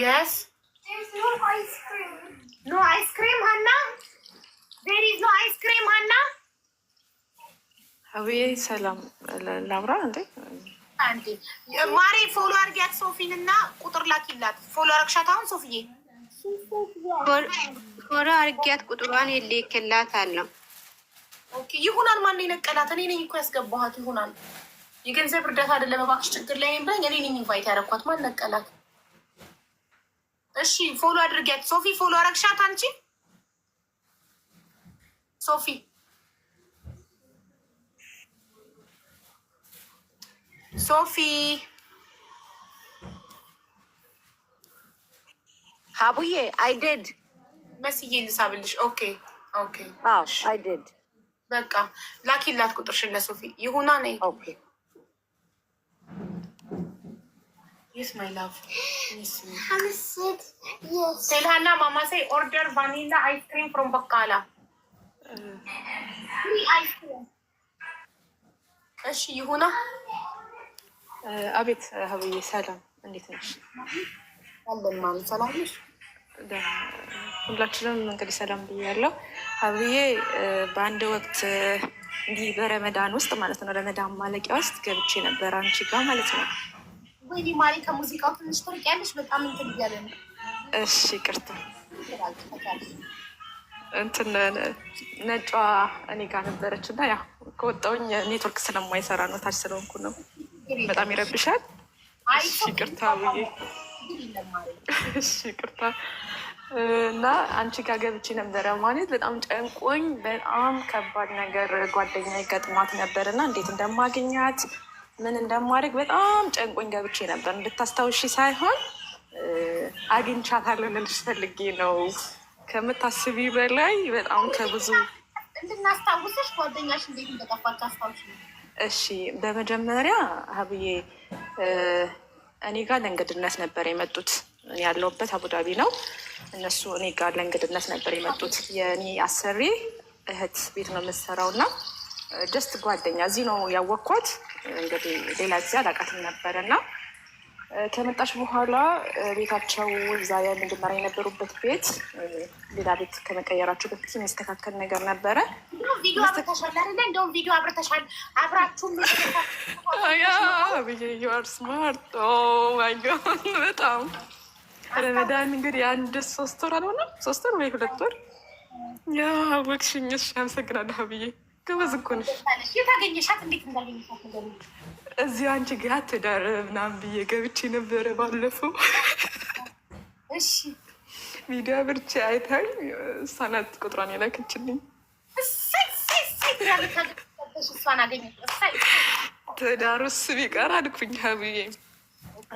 የስ ኖ አይስክሪም ሀና ዜር ኢዝ ኖ አይስክሪም ሀና አብዬ ሰላም ላብራ እንዴ ማሬ ፎሎ አርጊያት ሶፊን እና ቁጥር ላኪላት ፎሎ አረግሻት አሁን ሶፊዬ ፎሎ አርጊያት ቁጥሯን የልክላት አለው ይሁናል ማነው የነቀላት እኔ ነኝ እኮ ያስገባኋት ይሁናል የገንዘብ እርዳታ አይደለም እባክሽ ችግር ላይ ብለኝ እኔ ነኝ ኢንቫይት ያደረኳት ማን ነቀላት እሺ ፎሎ አድርጊያት። ሶፊ ፎሎ አረግሻት አንቺ ሶፊ ሶፊ ሀቡዬ አይደድ መስዬ ልሳብልሽ። ኦኬ ኦኬ፣ አይደድ በቃ ላኪላት ቁጥርሽን ለሶፊ ይሁና ነይ። ሴላና ማማሳይ ኦርደር ቫኒላ አይስክሪም ፍሮም በቃላ። እሺ ይሁና። uh, አቤት uh, ሀብዬ፣ ሰላም እንዴት ነሽ? ሰላም ነሽ? ሁላችንም እንግዲህ ሰላም ብያለሁ። ሀብዬ uh, በአንድ ወቅት እንዲህ በረመዳን ውስጥ ማለት ነው ረመዳን ማለቂያ ውስጥ ገብቼ ነበር አንቺ ጋር ማለት ነው ወይኔ ማሪ ከሙዚቃው ትንሽ ትርቅ በጣም እንትን እያለ ነው። እሺ ይቅርታ። እንትን ነጯ እኔ ጋር ነበረች እና ያው ከወጣሁኝ ኔትወርክ ስለማይሰራ ነው፣ ታች ስለሆንኩ ነው። በጣም ይረብሻል። ይቅርታ ብዬ ይቅርታ እና አንቺ ጋር ገብቼ ነበረ ማለት በጣም ጨንቆኝ፣ በጣም ከባድ ነገር ጓደኛ ይገጥማት ነበር እና እንዴት እንደማገኛት ምን እንደማድረግ በጣም ጨንቆኝ ገብቼ ነበር። እንድታስታውሺ ሳይሆን አግኝቻታለሁ ልልሽ ፈልጌ ነው። ከምታስቢ በላይ በጣም ከብዙ እንድናስታውስሽ ጓደኛሽ እንዴት እንደጠፋች አስታውሽ። እሺ፣ በመጀመሪያ ሀብዬ እኔ ጋር ለእንግድነት ነበር የመጡት። እኔ ያለሁበት አቡዳቢ ነው። እነሱ እኔ ጋር ለእንግድነት ነበር የመጡት። የእኔ አሰሪ እህት ቤት ነው የምትሰራው እና ጀስት ጓደኛ እዚህ ነው ያወቅኳት። እንግዲህ ሌላ ጊዜ አላውቃትም ነበር እና ከመጣች በኋላ ቤታቸው እዛ መጀመሪያ የነበሩበት ቤት ሌላ ቤት ከመቀየራቸው በፊት የሚስተካከል ነገር ነበረ። ቪዲዮ oh በጣም ረመዳን እንግዲህ አንድ ሶስት ወር አልሆነም ሶስት ወር ወይ ሁለት ወር ያ ወቅሽኝ። እሺ አመሰግናለሁ ብዬ ግብዝ እኮ ነሽ። የታገኘሻት እንዴት እንዳገኘሻት እዚህ አንቺ ጋር ትዳር ምናምን ብዬ ገብቼ ነበረ ባለፈው። እሺ ሚዲያ ብርቼ አይታኝ እሷ ናት ቁጥሯን የላክችልኝ። ትዳር ውስ ቢቀር አልኩኝ ሀብዬ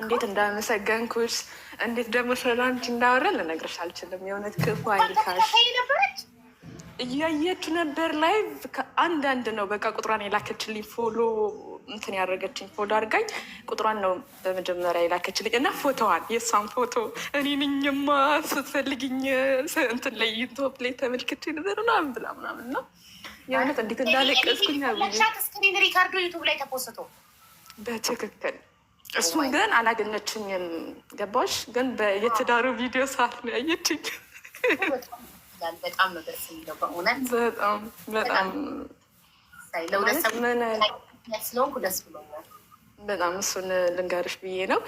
እንዴት እንዳመሰገንኩሽ እንዴት ደግሞ ስለላንቺ እንዳወራ ልነግርሽ አልችልም። የእውነት ክፉ አይልካሽ እያየች ነበር ላይቭ አንዳንድ ነው በቃ ቁጥሯን የላከችልኝ ፎሎ እንትን ያደረገችኝ ፎሎ አድርጋኝ ቁጥሯን ነው በመጀመሪያ የላከችልኝ እና ፎቶዋን የእሷን ፎቶ እኔንኝማ ንኝማ ስትፈልግኝ እንትን ላይ ዩቱብ ላይ ተመልክቼ ነበር ና ብላ ምናምን ነው የእውነት እንዴት እንዳለቀስኩኝ ስክሪን ሪካርዶ ዩቱብ ላይ ተፖስቶ በትክክል እሱን ግን አላገኘችኝም ገባሽ ግን የትዳሩ ቪዲዮ ሰዓት ነው ያየችኝ ይላል። በጣም ነው ደስ የሚለው በእውነት በጣም በጣም ለሁለት ስለሆንኩ ደስ ብሎኛል። በጣም እሱን ልንገርሽ ብዬ ነው።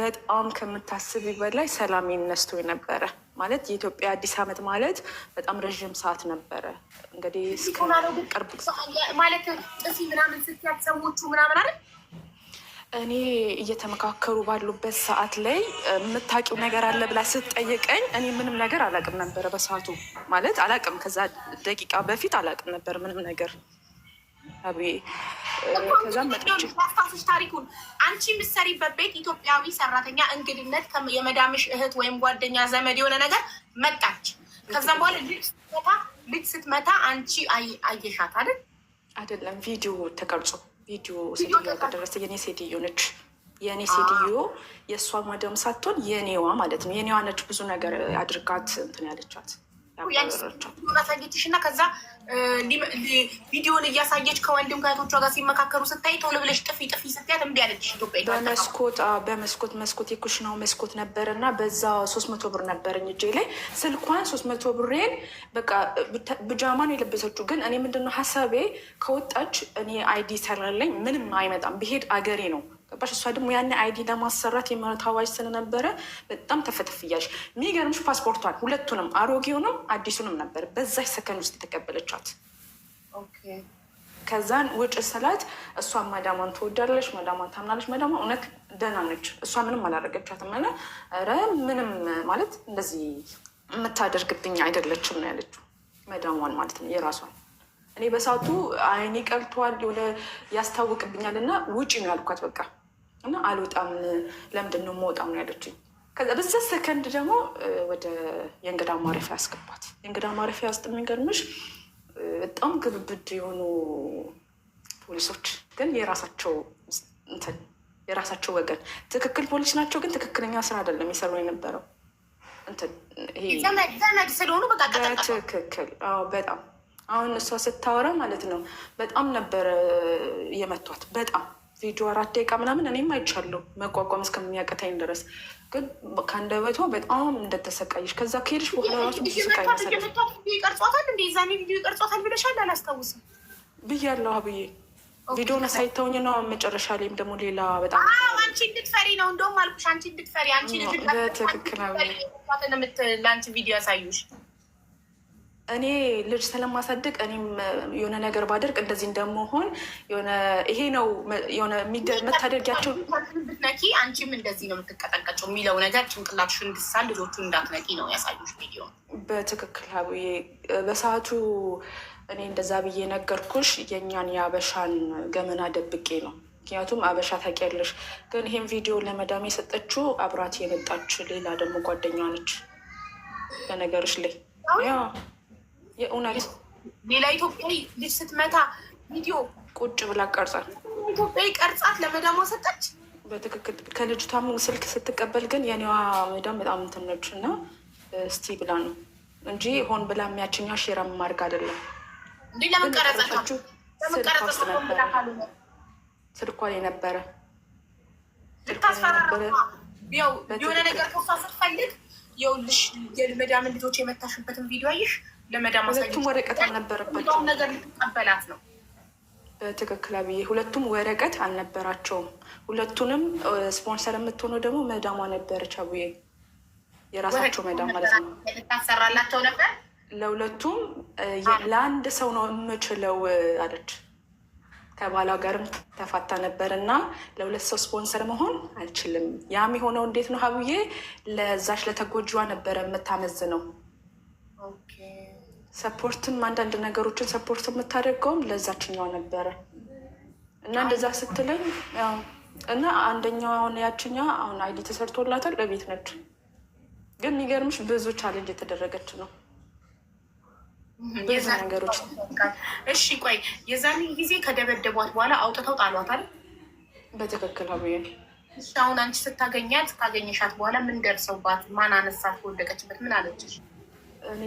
በጣም ከምታስብ በላይ ሰላም ይነስቶ ነበረ። ማለት የኢትዮጵያ አዲስ ዓመት ማለት በጣም ረዥም ሰዓት ነበረ። እንግዲህ ማለት ጥፊ ምናምን ስትያት ሰዎቹ ምናምን አይደል እኔ እየተመካከሩ ባሉበት ሰዓት ላይ የምታውቂው ነገር አለ ብላ ስትጠይቀኝ እኔ ምንም ነገር አላውቅም ነበረ። በሰዓቱ ማለት አላውቅም፣ ከዛ ደቂቃ በፊት አላውቅም ነበር ምንም ነገር ታሪኩን አንቺ የምትሰሪበት ቤት ኢትዮጵያዊ ሰራተኛ እንግድነት የመዳምሽ እህት ወይም ጓደኛ ዘመድ የሆነ ነገር መጣች። ከዛ በኋላ ልጅ ስትመታ አንቺ አየሻት አይደል? አይደለም ቪዲዮ ተቀርጾ ቪዲዮ ሴትዮዋ ደረሰ። የኔ ሴትዮ ነች የእኔ ሴትዮ የእሷ ማደም ሳትሆን የኔዋ ማለት ነው። የኔዋ ነች ብዙ ነገር አድርጋት እንትን ያለቻት ያሳየችሽ እና ከዛ ቪዲዮን እያሳየች ከወንድም ከእህቶቿ ጋር ሲመካከሩ ስታይ ቶሎ ብለሽ ጥፊ ጥፊ ስትያት እምቢ አለችሽ። ኢትዮጵያ በመስኮት በመስኮት መስኮት የኩሽናው መስኮት ነበር እና በዛ ሶስት መቶ ብር ነበረኝ እጄ ላይ ስልኳን ሶስት መቶ ብሬን በቃ ብጃማን የለበሰችው ግን እኔ ምንድነው ሀሳቤ ከወጣች እኔ አይዲ ሰራለኝ ምንም አይመጣም ብሄድ አገሬ ነው ገባሽ? እሷ ደግሞ ያን አይዲ ለማሰራት የምህረት አዋጅ ስለነበረ በጣም ተፈተፍያሽ። የሚገርምሽ ፓስፖርቷን ሁለቱንም አሮጌውንም አዲሱንም ነበር በዛች ሰከንድ ውስጥ የተቀበለቻት። ከዛን ውጭ ስላት እሷ መዳሟን ትወዳለች፣ መዳሟን ታምናለች። ማዳሟ እውነት ደህና ነች። እሷ ምንም አላደረገቻትም። ለ ረ ምንም ማለት እንደዚህ የምታደርግብኝ አይደለችም ነው ያለችው። መዳሟን ማለት ነው የራሷን እኔ በሳቱ አይኔ ቀልቷል የሆነ ያስታውቅብኛል እና ውጪ ነው ያልኳት በቃ እና አልወጣም ለምንድን ነው መውጣም ነው ያለችኝ። ከዛ ሰከንድ ደግሞ ወደ የእንግዳ ማረፊያ ያስገባት። የእንግዳ ማረፊያ ውስጥ የሚገርምሽ በጣም ግብብድ የሆኑ ፖሊሶች ግን የራሳቸው እንትን የራሳቸው ወገን ትክክል ፖሊስ ናቸው፣ ግን ትክክለኛ ስራ አይደለም የሰሩ የነበረው ዘመድ ስለሆኑ ትክክል። በጣም አሁን እሷ ስታወራ ማለት ነው በጣም ነበረ የመቷት በጣም ቪዲዮ አራት ደቂቃ ምናምን እኔም አይቻለሁ መቋቋም እስከሚያቀታኝ ድረስ ግን ከአንደበቷ በጣም እንደተሰቃየች ከዛ ከሄድሽ በኋላ ራሱ ብዙ ስቃይ መሰለኝ ይቀርጿታል እንደ ዛኔ ቪዲዮ ይቀርጿታል ብለሻል አላስታውስም ብያለሁ አብዬ ቪዲዮን ሳይተውኝ ነው መጨረሻ ላይም ደግሞ ሌላ በጣም አንቺ እንድትፈሪ ነው እንደውም አልኩሽ አንቺ እንድትፈሪ አንቺ ትክክል ለአንቺ ቪዲዮ ያሳዩሽ እኔ ልጅ ስለማሳድግ እኔም የሆነ ነገር ባደርግ እንደዚህ እንደመሆን የሆነ ይሄ ነው የሆነ መታደርጊያቸው ብትነኪ አንቺም እንደዚህ ነው የምትቀጠቀጨው የሚለው ነገር ጭንቅላትሽን እንድሳል ልጆቹ እንዳትነቂ ነው ያሳዩች ቪዲዮ። በትክክል አብዬ በሰዓቱ እኔ እንደዛ ብዬ ነገርኩሽ የእኛን የአበሻን ገመና ደብቄ ነው። ምክንያቱም አበሻ ታውቂያለሽ። ግን ይህም ቪዲዮ ለመዳም የሰጠችው አብራት የመጣች ሌላ ደግሞ ጓደኛ ነች። በነገርሽ ላይ የእውነት ሌላ ኢትዮጵያዊ ልጅ ስትመታ ቪዲዮ ቁጭ ብላ ቀርጻል። ኢትዮጵያዊ ቀርጻት ለመዳሟ ሰጠች። በትክክል ከልጅቷም ስልክ ስትቀበል ግን የኔዋ መዳም በጣም እንትን እና እስቲ ብላ ነው እንጂ ሆን ብላ የሚያችኛ ሼራ ማድረግ አይደለም። ለምን ቀረጻችሁ? ስልኳ ላይ ነበረ የሆነ ነገር ከሳ ስትፈልግ የውልሽ የመዳምን ልጆች የመታሽበትን ቪዲዮ አይሽ ለመዳ ሁለቱም ወረቀት አልነበረበትም ነገር ልትቀበላት ነው። በትክክል አብዬ፣ ሁለቱም ወረቀት አልነበራቸውም። ሁለቱንም ስፖንሰር የምትሆነው ደግሞ መዳሟ ነበረች። አብዬ የራሳቸው መዳም ማለት ነው። ታሰራላቸው ነበር። ለሁለቱም ለአንድ ሰው ነው የምችለው አለች። ከባሏ ጋርም ተፋታ ነበር እና ለሁለት ሰው ስፖንሰር መሆን አልችልም። ያም የሆነው እንዴት ነው አብዬ ለዛች ለተጎጂዋ ነበረ የምታመዝነው ሰፖርትም አንዳንድ ነገሮችን ሰፖርት የምታደርገውም ለዛችኛው ነበረ እና እንደዛ ስትለኝ እና አንደኛው አሁን ያችኛ አሁን አይዲ ተሰርቶላታል በቤት ነች። ግን የሚገርምሽ ብዙ ቻሌንጅ የተደረገች ነው ብዙ ነገሮች። እሺ ቆይ የዛን ጊዜ ከደበደቧት በኋላ አውጥተው ጣሏታል። በትክክል እሺ። አሁን አንቺ ስታገኛት ካገኘሻት በኋላ ምን ደርሰውባት? ማን አነሳት? ከወደቀችበት ምን አለችሽ? እኔ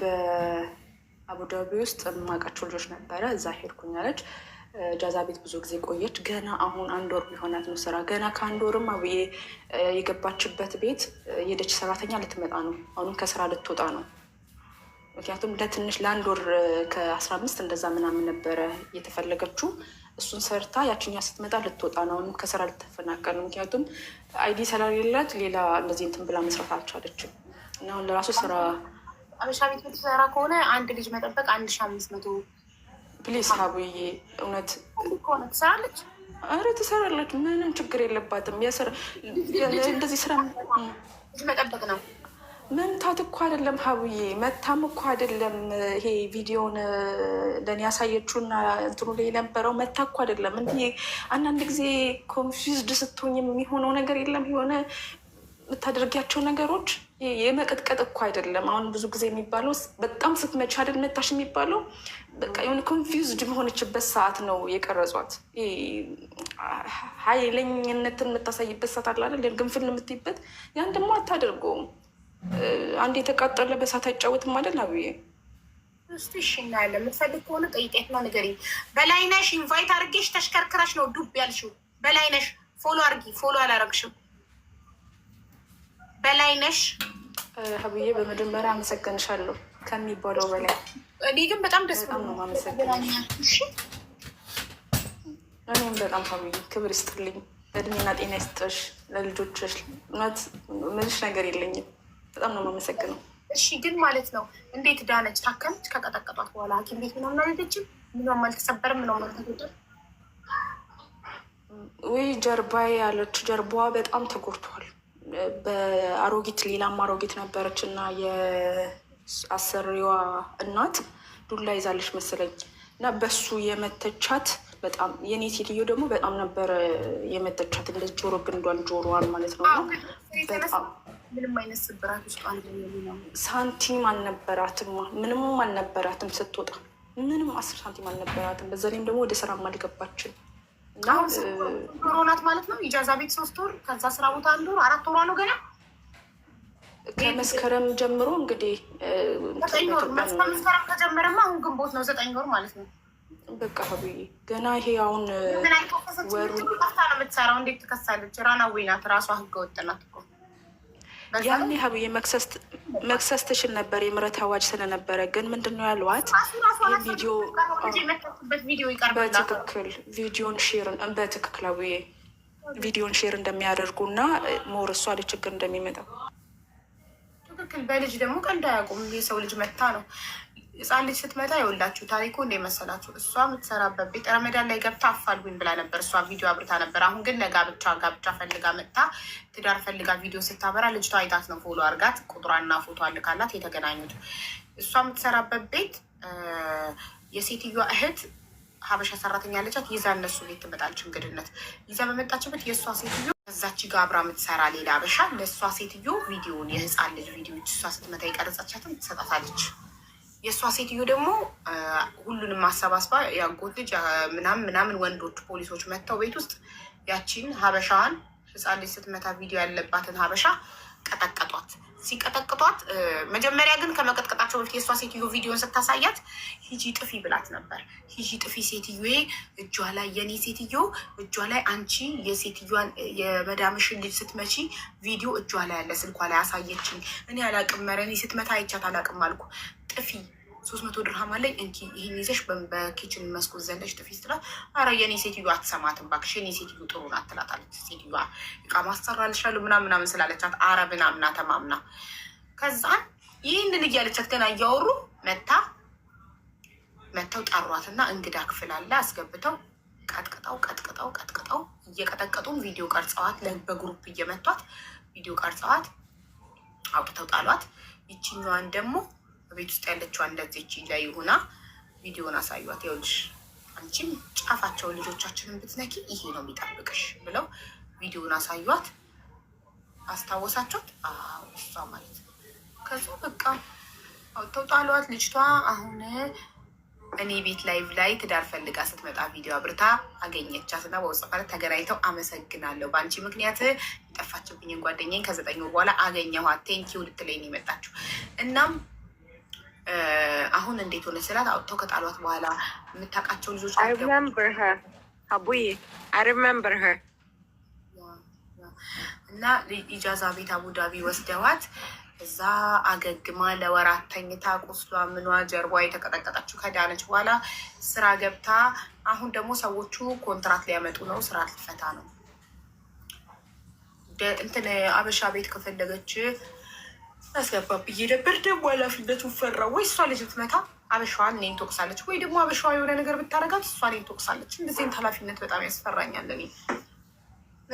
በአቡዳቢ ውስጥ የማውቃቸው ልጆች ነበረ። እዛ ሄድኩኝ አለች። ጃዛ ቤት ብዙ ጊዜ ቆየች። ገና አሁን አንድ ወር ቢሆናት ነው ስራ። ገና ከአንድ ወርም አብዬ የገባችበት ቤት የደች ሰራተኛ ልትመጣ ነው። አሁንም ከስራ ልትወጣ ነው። ምክንያቱም ለትንሽ ለአንድ ወር ከአስራ አምስት እንደዛ ምናምን ነበረ የተፈለገችው። እሱን ሰርታ ያችኛ ስትመጣ ልትወጣ ነው። አሁንም ከስራ ልትፈናቀል ነው። ምክንያቱም አይዲ ስለሌላት ሌላ እንደዚህ እንትን ብላ መስራት አልቻለችም። እና አሁን ለራሱ ስራ አበሻ ቤት የምትሰራ ከሆነ አንድ ልጅ መጠበቅ አንድ ሺ አምስት መቶ ፕሊስ ሀቡዬ እውነት ከሆነ ትሰራለች። አረ ትሰራለች፣ ምንም ችግር የለባትም። እንደዚህ ስራ መጠበቅ ነው። መምታት እኮ አይደለም ሀቡዬ፣ መታም እኮ አይደለም። ይሄ ቪዲዮን ለእኔ ያሳየችውና እንትኑ ላይ የነበረው መታ እኮ አይደለም። እንዲ አንዳንድ ጊዜ ኮንፊውዝድ ስትሆኝ የሚሆነው ነገር የለም የሆነ የምታደርጊያቸው ነገሮች የመቀጥቀጥ እኮ አይደለም። አሁን ብዙ ጊዜ የሚባለው በጣም ስትመች አይደል መታሽ የሚባለው በቃ የሆነ ኮንፊውዝድ የሆነችበት ሰዓት ነው የቀረጿት። ኃይለኝነትን የምታሳይበት ሰዓት አለ አይደል? ግንፍል የምትይበት ያን ደግሞ አታደርገውም። አንድ የተቃጠለ በሳት አይጫወትም አይደል አብዬ? ውስጥ እሺ እናያለን። የምትፈልግ ከሆነ ጠይቄት ነው ነገር በላይነሽ ኢንቫይት አድርጌሽ ተሽከርክራሽ ነው ዱብ ያልሽው። በላይነሽ ፎሎ አርጊ። ፎሎ አላረግሽም በላይነሽ ሀብዬ በመጀመሪያ አመሰግንሻለሁ ከሚባለው በላይ እኔ ግን በጣም ደስ ነው እኔም በጣም ሀብዬ ክብር ይስጥልኝ፣ እድሜና ጤና ይስጥሽ፣ ለልጆችሽ እውነት ምልሽ ነገር የለኝም። በጣም ነው የማመሰግነው። እሺ ግን ማለት ነው እንዴት ዳነች? ታከምች? ከቀጠቀጧት በኋላ ሐኪም ቤት ምናምን አልሄደችም? ምንም አልተሰበረም? ምን አልተጎዳም? ውይ ጀርባዬ ያለች ጀርባዋ በጣም ተጎድቷል። በአሮጊት ሌላም አሮጊት ነበረች እና የአሰሪዋ እናት ዱላ ይዛለች መሰለኝ እና በሱ የመተቻት በጣም የኔ ሴትዮ ደግሞ በጣም ነበረ የመተቻት እንደ ጆሮ ግንዷን ጆሮዋን ማለት ነው። ምንም አይነት ስብራት ውስጥ ሳንቲም አልነበራትም፣ ምንም አልነበራትም ስትወጣ ምንም አስር ሳንቲም አልነበራትም። በዛ ላይም ደግሞ ወደ ስራም አልገባችም። ዶሮ ናት ማለት ነው። ኢጃዛ ቤት ሶስት ወር ከዛ ስራ ቦታ አንድ ወር አራት ወሯ ነው ገና ከመስከረም ጀምሮ እንግዲህ መስከረም ከጀመረማ አሁን ግንቦት ነው ዘጠኝ ወር ማለት ነው። በቃ ሀብዬ ገና ይሄ አሁን ወሩ ነው የምትሰራው። እንዴት ትከሳለች? ራናዌ ናት ራሷ ህገወጥ ናት እኮ ያኔ ሀብዬ መክሰስ ትችል ነበር፣ የምህረት አዋጅ ስለነበረ ግን ምንድን ነው ያሏት በትክክል ቪዲዮን ሼር በትክክላዊ ቪዲዮን ሼር እንደሚያደርጉ እና ሞር እሷ ችግር እንደሚመጣው ትክክል። በልጅ ደግሞ ቀልድ አያውቁም። የሰው ልጅ መታ ነው ህፃን ልጅ ስትመታ የወላችሁ ታሪኩ እንደ መሰላችሁ እሷ የምትሰራበት ቤት ረመዳን ላይ ገብታ አፋልጉኝ ብላ ነበር። እሷ ቪዲዮ አብርታ ነበር። አሁን ግን ለጋብቻ ጋብቻ ፈልጋ መጥታ ትዳር ፈልጋ ቪዲዮ ስታበራ ልጅቷ አይታት ነው ፎሎ አርጋት ቁጥሯና ፎቶ አልካላት የተገናኙት። እሷ የምትሰራበት ቤት የሴትዮዋ እህት ሀበሻ ሰራተኛ ልጃት ይዛ እነሱ ቤት ትመጣለች። እንግድነት ይዛ በመጣችበት የእሷ ሴትዮ ከዛች ጋር አብራ የምትሰራ ሌላ ሀበሻ ለእሷ ሴትዮ ቪዲዮን የህፃን ልጅ ቪዲዮች እሷ ስትመታ የቀረጻቻትን ትሰጣታለች። የእሷ ሴትዮ ደግሞ ሁሉንም አሰባስባ ያጎት ልጅ ምናምን ምናምን ወንዶች ፖሊሶች መጥተው ቤት ውስጥ ያቺን ሀበሻዋን ህፃን ልጅ ስትመታ ቪዲዮ ያለባትን ሀበሻ ቀጠቀጧት። ሲቀጠቅጧት መጀመሪያ ግን ከመቀጥቀጣቸው በፊት የእሷ ሴትዮ ቪዲዮን ስታሳያት ሂጂ ጥፊ ብላት ነበር። ሂጂ ጥፊ ሴትዮዬ እጇ ላይ የኔ ሴትዮ እጇ ላይ አንቺ የሴትዮዋን የመዳምሽን ልጅ ስትመቺ ቪዲዮ እጇ ላይ ያለ ስልኳ ላይ አሳየችኝ። እኔ አላቅም ስትመታ አይቻት አላቅም አልኩ ጥፊ ሶስት መቶ ድርሃም አለኝ እንኪ ይህን ይዘሽ በኪችን መስኮት ዘለሽ ጥፊ ስትላት፣ አረ የኔ ሴትዮ አትሰማትም እባክሽ፣ የኔ ሴትዮ ጥሩ ናት ትላታለች። ሴትዮዋ እቃ ማሰራልሻሉ ምናምን ምናምን ስላለቻት አረ ምናምና ተማምና ከዛን ይህንን እያለቻት ገና እያወሩ መታ መተው ጠሯትና እንግዳ ክፍል አለ አስገብተው ቀጥቅጠው ቀጥቅጠው ቀጥቅጠው እየቀጠቀጡም ቪዲዮ ቀርጸዋት በግሩፕ እየመቷት ቪዲዮ ቀርጸዋት አውጥተው ጣሏት። ይችኛዋን ደግሞ ቤት ውስጥ ያለችው እንደዚች ላይ ሆና ቪዲዮን አሳዩት። ይኸውልሽ አንቺም ጫፋቸውን ልጆቻችንን ብትነኪ ይሄ ነው የሚጠብቅሽ ብለው ቪዲዮን አሳዩት። አስታወሳችሁት? አዎ እሷ ማለት ነው። ከዛ በቃ አውጥተው ጣሏት። ልጅቷ አሁን እኔ ቤት ላይቭ ላይ ትዳር ፈልጋ ስትመጣ ቪዲዮ አብርታ አገኘቻት እና በውጽፈት ተገናኝተው አመሰግናለሁ፣ በአንቺ ምክንያት የጠፋችብኝን ጓደኛኝ ከዘጠኝ በኋላ አገኘኋት ቴንኪው ልትለኝ የመጣችው እናም አሁን እንዴት ሆነ ስላት አውጥተው ከጣሏት በኋላ የምታውቃቸው ልጆች አቡዬ ሄር እና ኢጃዛ ቤት አቡዳቢ ወስደዋት እዛ አገግማ ለወራት ተኝታ ቁስሏ ምኗ ጀርቧ የተቀጠቀጠችው ከዳነች በኋላ ስራ ገብታ አሁን ደግሞ ሰዎቹ ኮንትራት ሊያመጡ ነው፣ ስራ ልትፈታ ነው። እንትን አበሻ ቤት ከፈለገች አስገባ ብዬ ነበር። ደግሞ ኃላፊነቱ ፈራ ወይ እሷ ልጅ ብትመታ አበሻዋን እኔን ትወቅሳለች፣ ወይ ደግሞ አበሻዋ የሆነ ነገር ብታረጋት እሷ እኔን ትወቅሳለች። እንደዚህ ኃላፊነት በጣም ያስፈራኛል። እኔ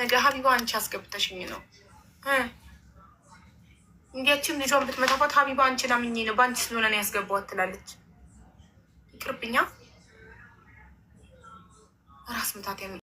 ነገ ሀቢባ አንቺ አስገብተሽኝ ነው እንዲያችም ልጇን ብትመታባት ሀቢባ አንቺን አምኜ ነው በአንቺ ስለሆነ ነው ያስገባዋት ትላለች። ይቅርብኛ ራስ ምታት